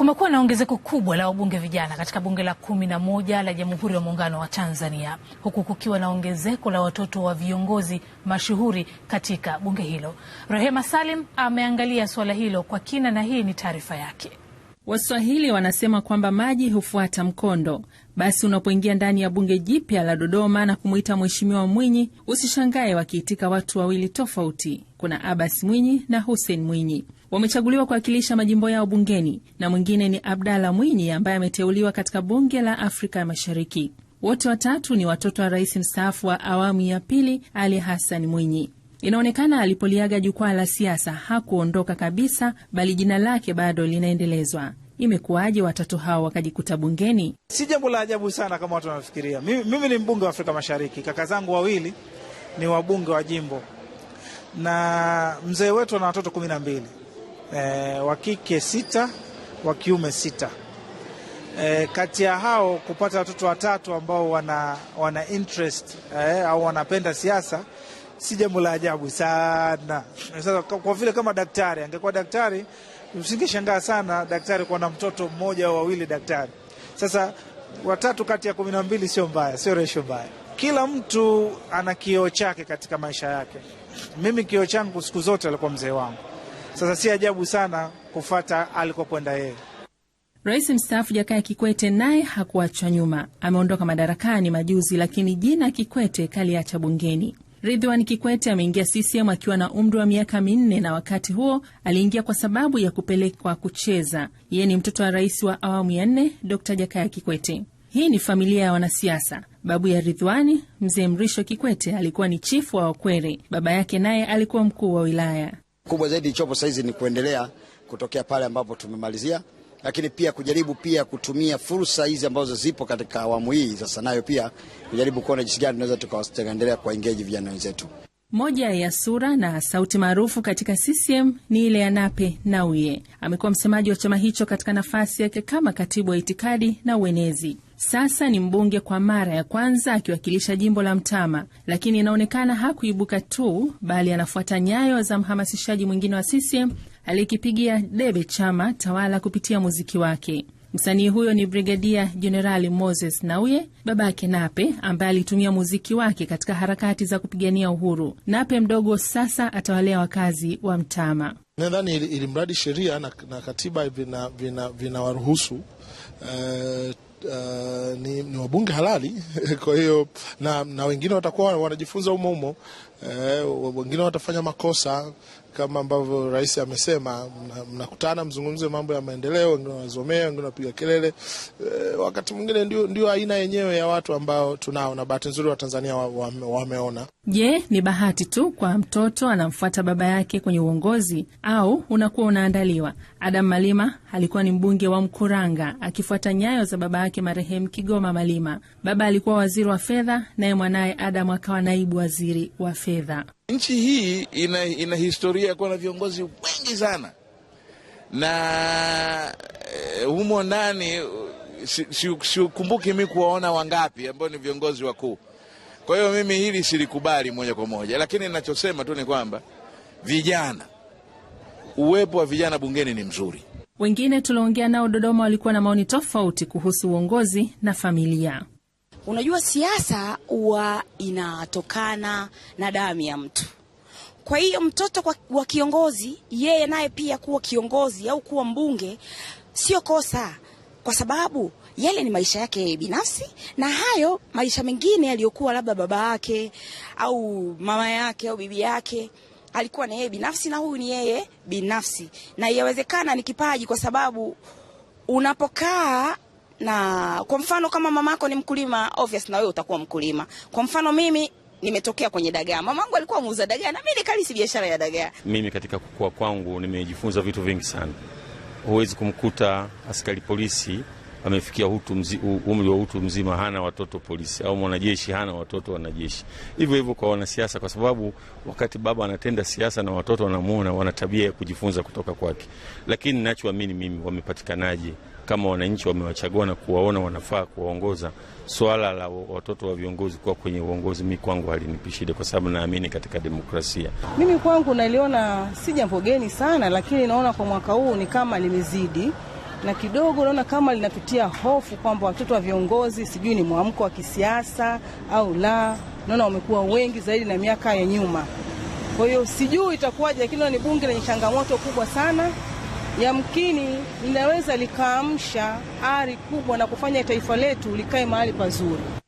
Kumekuwa na ongezeko kubwa la wabunge vijana katika bunge la kumi na moja la Jamhuri ya Muungano wa Tanzania, huku kukiwa na ongezeko la watoto wa viongozi mashuhuri katika bunge hilo. Rehema Salim ameangalia suala hilo kwa kina na hii ni taarifa yake. Waswahili wanasema kwamba maji hufuata mkondo. Basi unapoingia ndani ya bunge jipya la Dodoma na kumwita Mheshimiwa Mwinyi, usishangae wakiitika watu wawili tofauti. Kuna Abbas Mwinyi na Hussein Mwinyi wamechaguliwa kuwakilisha majimbo yao bungeni na mwingine ni Abdala Mwinyi ambaye ameteuliwa katika bunge la Afrika ya Mashariki. Wote watatu ni watoto wa rais mstaafu wa awamu ya pili Ali Hassan Mwinyi. Inaonekana alipoliaga jukwaa la siasa hakuondoka kabisa, bali jina lake bado linaendelezwa. Imekuwaje watatu hao wakajikuta bungeni? Si jambo la ajabu sana kama watu wanafikiria. Mimi, mimi ni mbunge wa Afrika Mashariki, kaka zangu wawili ni wabunge wa jimbo na mzee wetu ana watoto kumi na mbili e, wa kike sita, wa kiume sita. E, kati ya hao kupata watoto watatu ambao wana, wana interest e, au wanapenda siasa si jambo la ajabu sana. Sasa kwa vile kama daktari angekuwa daktari, usingeshangaa sana daktari kuwa na mtoto mmoja au wawili daktari. Sasa watatu kati ya kumi na mbili sio mbaya, sio resho mbaya. Kila mtu ana kioo chake katika maisha yake. Mimi kioo changu siku zote alikuwa mzee wangu. Sasa si ajabu sana kufata alikokwenda yeye. Rais mstaafu Jakaya Kikwete naye hakuachwa nyuma, ameondoka madarakani majuzi, lakini jina Kikwete kaliacha bungeni. Ridhwan Kikwete ameingia CCM akiwa na umri wa miaka minne, na wakati huo aliingia kwa sababu ya kupelekwa kucheza. Yeye ni mtoto wa rais wa awamu ya nne Dkt Jakaya Kikwete. Hii ni familia ya wanasiasa. Babu ya Ridhwani, Mzee Mrisho Kikwete, alikuwa ni chifu wa Wakwere. Baba yake naye alikuwa mkuu wa wilaya kubwa zaidi ilichopo sasa hizi ni kuendelea kutokea pale ambapo tumemalizia, lakini pia kujaribu pia kutumia fursa hizi ambazo zipo katika awamu hii sasa, nayo pia kujaribu kuona jinsi gani tunaweza kwa engage vijana wenzetu. Moja ya sura na sauti maarufu katika CCM ni ile ya Nape Nnauye. Amekuwa msemaji wa chama hicho katika nafasi yake kama katibu wa itikadi na uenezi. Sasa ni mbunge kwa mara ya kwanza akiwakilisha jimbo la Mtama, lakini inaonekana hakuibuka tu, bali anafuata nyayo za mhamasishaji mwingine wa CCM aliyekipigia debe chama tawala kupitia muziki wake. Msanii huyo ni Brigadia Jenerali Moses Nauye, baba yake Nape, ambaye alitumia muziki wake katika harakati za kupigania uhuru. Nape mdogo sasa atawalea wakazi wa Mtama. Nadhani mradi sheria na, na katiba vinawaruhusu vina, vina eh, uh, ni, ni wabunge halali kwa hiyo na, na wengine watakuwa wanajifunza umo umo eh, wengine watafanya makosa kama ambavyo rais amesema, mnakutana mzungumze mambo ya maendeleo, wengine wanazomea, wengine wanapiga kelele e, wakati mwingine ndio, ndio aina yenyewe ya watu ambao tunao, na bahati nzuri Watanzania wa, wa Je, ni bahati tu kwa mtoto anamfuata baba yake kwenye uongozi au unakuwa unaandaliwa? Adam Malima alikuwa ni mbunge wa Mkuranga akifuata nyayo za baba yake marehemu Kigoma Malima. Baba alikuwa waziri wa fedha, naye mwanaye Adam akawa naibu waziri wa fedha fedha. Nchi hii ina, ina historia ya kuwa na viongozi wengi sana na e, humo ndani siukumbuki si, si, mi kuwaona wangapi ambao ni viongozi wakuu. Kwa hiyo mimi hili silikubali moja kwa moja, lakini ninachosema tu ni kwamba vijana, uwepo wa vijana bungeni ni mzuri. Wengine tulioongea nao Dodoma walikuwa na maoni tofauti kuhusu uongozi na familia. Unajua siasa huwa inatokana na damu ya mtu. Kwa hiyo mtoto wa kiongozi yeye naye pia kuwa kiongozi au kuwa mbunge sio kosa, kwa sababu yale ni maisha yake binafsi, na hayo maisha mengine yaliyokuwa labda baba yake au mama yake au bibi yake alikuwa na yeye binafsi, na huyu ni yeye binafsi, na yawezekana ni kipaji, kwa sababu unapokaa na kwa mfano kama mamako ni mkulima, obvious na wewe utakuwa mkulima. Kwa mfano mimi nimetokea kwenye dagaa. Mamangu alikuwa muuza dagaa na mimi nikalisi biashara ya dagaa. Mimi katika kukua kwangu nimejifunza vitu vingi sana. Huwezi kumkuta askari polisi amefikia umri wa utu mzima hana watoto polisi, au mwanajeshi hana watoto wanajeshi. Hivyo hivyo kwa wanasiasa, kwa sababu wakati baba anatenda siasa na watoto wanamuona, wana tabia ya kujifunza kutoka kwake. Lakini nachoamini mimi, wamepatikanaje kama wananchi wamewachagua na kuwaona wanafaa kuwaongoza, swala la watoto wa viongozi kuwa kwenye uongozi, mi kwangu halinipi shida, kwa sababu naamini katika demokrasia. Mimi kwangu naliona si jambo geni sana, lakini naona kwa mwaka huu ni kama limezidi na kidogo naona kama linatutia hofu kwamba watoto wa viongozi, sijui ni mwamko wa kisiasa au la, naona wamekuwa wengi zaidi na miaka ya nyuma. Kwa hiyo sijui itakuwaje, lakini ni bunge lenye changamoto kubwa sana yamkini linaweza likaamsha ari kubwa na kufanya taifa letu likae mahali pazuri.